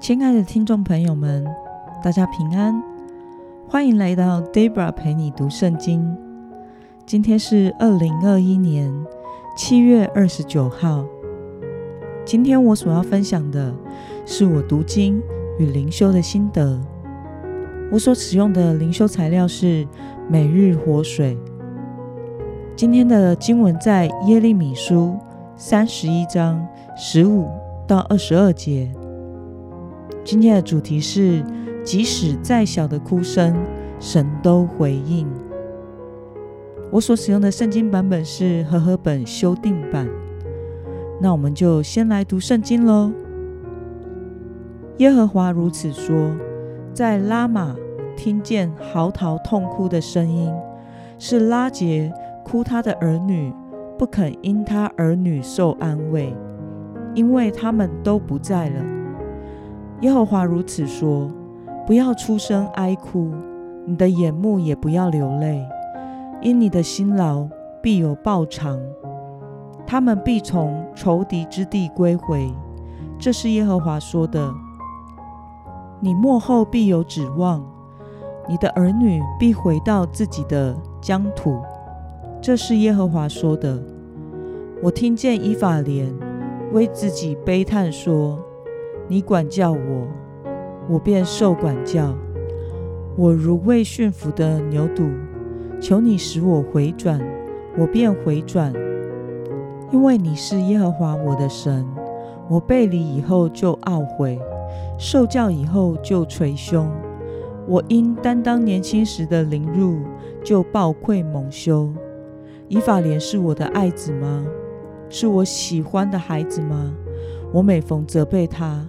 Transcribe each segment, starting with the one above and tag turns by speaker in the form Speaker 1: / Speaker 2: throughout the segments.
Speaker 1: 親愛的聽眾朋友們，大家平安，歡迎來到 Debra 陪你讀聖經。今天是二零二一年七月二十九號。今天我所要分享的是我讀經與靈修的心得。我所使用的靈修材料是《每日活水》。今天的經文在耶利米書三十一章十五到二十二節。今天的主題是：即使再小的哭聲，神都回應。我所使用的聖經版本是和合本修訂版。那我們就先來讀聖經嘍。耶和華如此說：在拉瑪聽見嚎啕痛哭的聲音，是拉結哭他的兒女，不肯因他兒女受安慰，因為他們都不在了。耶和華如此說：“不要出聲哀哭，你的眼目也不要流淚，因你的辛勞必有報償，他們必從仇敵之地歸回。”這是耶和華說的。你末後必有指望，你的兒女必回到自己的疆土。這是耶和華說的。我聽見以法蓮為自己悲嘆說。你管教我，我便受管教；我如未馴服的牛犢，求你使我回轉，我便回轉。因為你是耶和華我的神，我背離以後就懊悔，受教以後就捶胸。我因擔當年輕時的凌辱，就抱愧蒙羞。以法蓮是我的愛子嗎？是我喜歡的孩子嗎？我每逢責備他。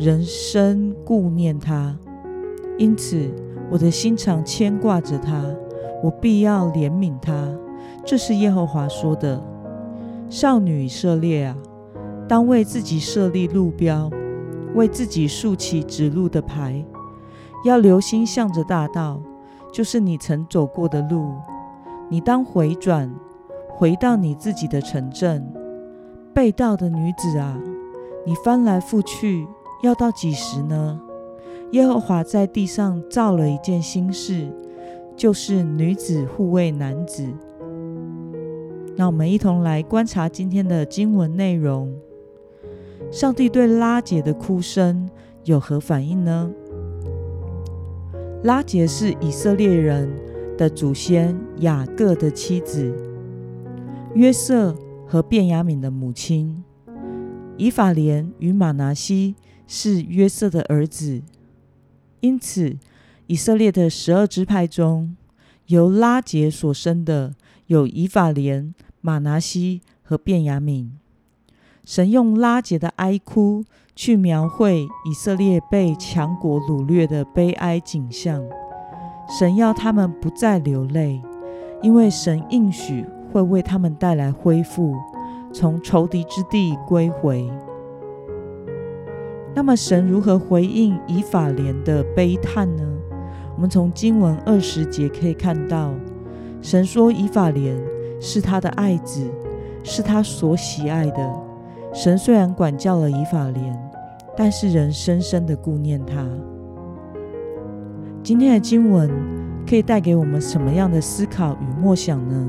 Speaker 1: 人生顧念他，因此我的心常牽掛着他，我必要憐憫他。這是耶和華說的。少女涉獵啊，當為自己設立路標，為自己豎起指路的牌，要留心向着大道，就是你曾走過的路。你當回轉，回到你自己的城鎮。被盜的女子啊，你翻來覆去。要到幾時呢？耶和華在地上造了一件新事，就是女子護衛男子。那我們一同來觀察今天的經文內容。上帝對拉結的哭聲有何反應呢？拉結是以色列人的祖先雅各的妻子，約瑟和便雅憫的母親，以法蓮與馬拿西。是約瑟的兒子，因此以色列的十二支派中，由拉結所生的有以法蓮、瑪拿西和便雅憫。神用拉結的哀哭去描繪以色列被強國擄掠的悲哀景象。神要他們不再流淚，因為神應許會為他們帶來恢復，從仇敵之地歸回。那麼神如何回應以法蓮的悲嘆呢？我們從經文二十節可以看到，神說以法蓮是他的愛子，是他所喜愛的。神雖然管教了以法蓮，但是仍深深的顧念他。今天的經文可以帶給我們什麼樣的思考與默想呢？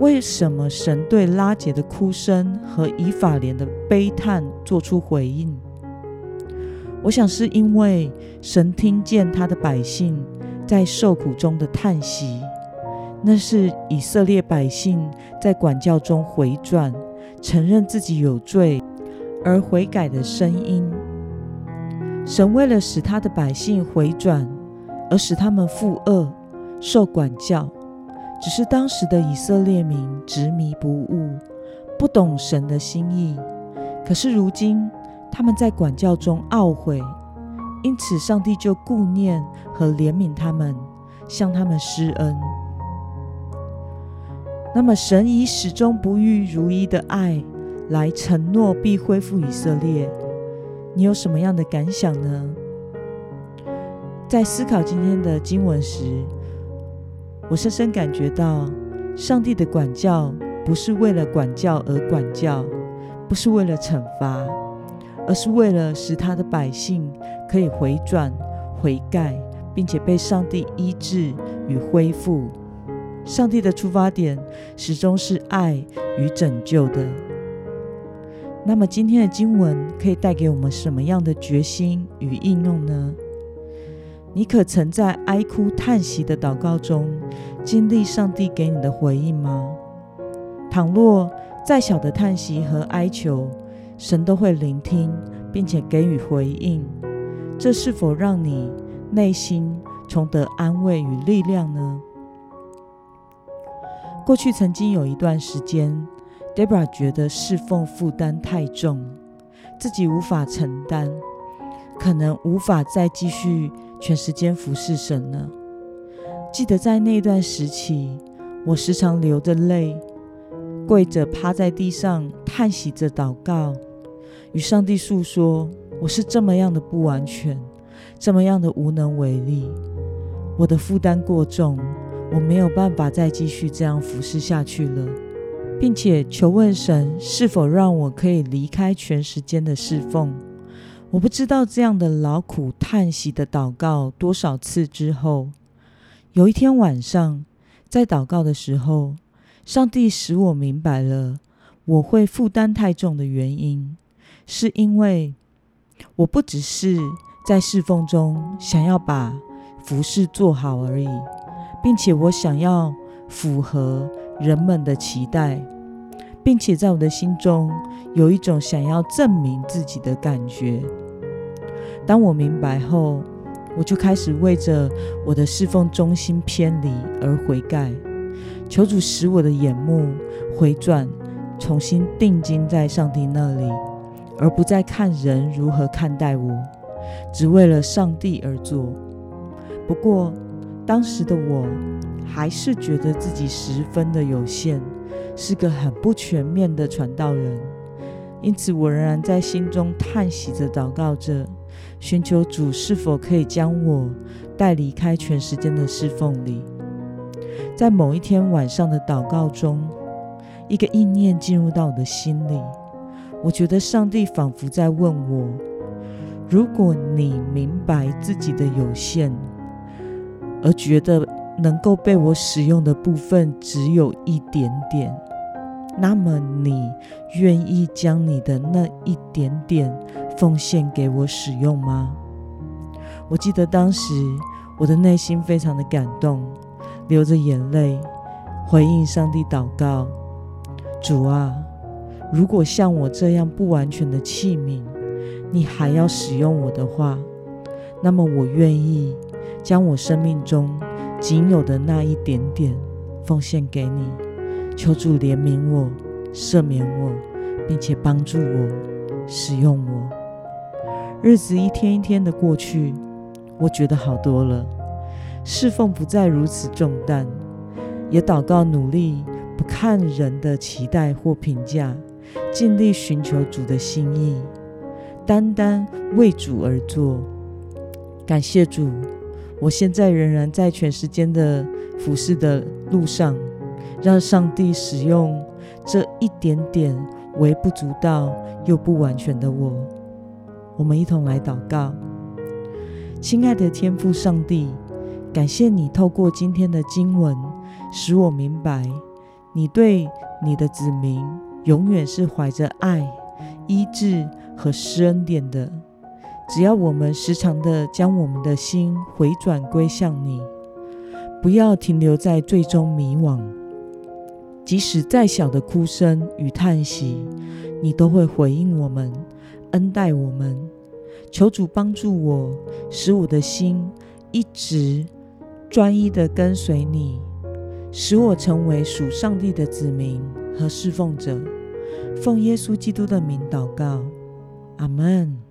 Speaker 1: 為什麼神對拉結的哭聲和以法蓮的悲嘆作出回應？我想是因為神聽見他的百姓在受苦中的嘆息，那是以色列百姓在管教中回轉、承認自己有罪而悔改的聲音。神為了使他的百姓回轉，而使他們負軛、受管教。只是當時的以色列民執迷不悟，不懂神的心意。可是如今他們在管教中懊悔，因此上帝就顧念和憐憫他們，向他們施恩。那麼，神以始終不渝、如一的愛來承諾必恢復以色列，你有什麼樣的感想呢？在思考今天的經文時，我深深感覺到，上帝的管教不是為了管教而管教，不是為了懲罰，而是為了使他的百姓可以回轉、悔改，並且被上帝醫治與恢復。上帝的出發點始終是愛與拯救的。那麼，今天的經文可以帶給我們什麼樣的決心與應用呢？你可曾在哀哭嘆息的禱告中經歷上帝給你的回應嗎？倘若再小的嘆息和哀求，神都會聆聽並且給予回應，這是否讓你內心重得安慰與力量呢？過去曾經有一段時間，Deborah 覺得侍奉負擔太重，自己無法承擔，可能無法再繼續。全時間服侍神呢？記得在那段時期，我時常流着淚，跪着趴在地上，嘆息着禱告，與上帝訴說我是這麼樣的不完全，這麼樣的無能為力，我的負擔過重，我沒有辦法再繼續這樣服侍下去了，並且求問神是否讓我可以離開全時間的侍奉。我不知道這樣的勞苦嘆息的禱告多少次之後，有一天晚上在禱告的時候，上帝使我明白了我會負擔太重的原因，是因為我不只是在侍奉中想要把服侍做好而已，並且我想要符合人們的期待，並且在我的心中有一種想要證明自己的感覺。當我明白後，我就開始為着我的侍奉中心偏離而悔改，求主使我的眼目回轉，重新定睛在上帝那裡，而不再看人如何看待我，只為了上帝而做。不過，當時的我還是覺得自己十分的有限，是個很不全面的傳道人，因此我仍然在心中嘆息着禱告着。尋求主是否可以將我帶離開全時間的侍奉裡，在某一天晚上的禱告中，一個意念進入到我的心裡，我覺得上帝仿佛在問我：如果你明白自己的有限，而覺得能夠被我使用的部分只有一點點，那麼你願意將你的那一點點奉獻給我使用嗎？我記得當時我的內心非常的感動，流着眼淚回應上帝禱告。主啊，如果像我這樣不完全的器皿，你還要使用我的話，那麼我願意將我生命中僅有的那一點點奉獻給你，求主憐憫我、赦免我，並且幫助我，使用我。日子一天一天的過去，我覺得好多了，侍奉不再如此重擔，也禱告努力，不看人的期待或評價，盡力尋求主的心意，單單為主而做。感謝主，我現在仍然在全時間的服事的路上，讓上帝使用這一點點微不足道又不完全的我。我們一同來禱告，親愛的天父上帝，感謝你透過今天的經文，使我明白你對你的子民永遠是懷着愛、醫治和施恩典的。只要我們時常的將我們的心回轉歸向你，不要停留在罪中迷惘。即使再小的哭聲與嘆息，你都會回應我們。恩待我們，求主幫助我，使我的心一直專一地跟隨你，使我成為屬上帝的子民和事奉者。奉耶穌基督的名禱告，阿門。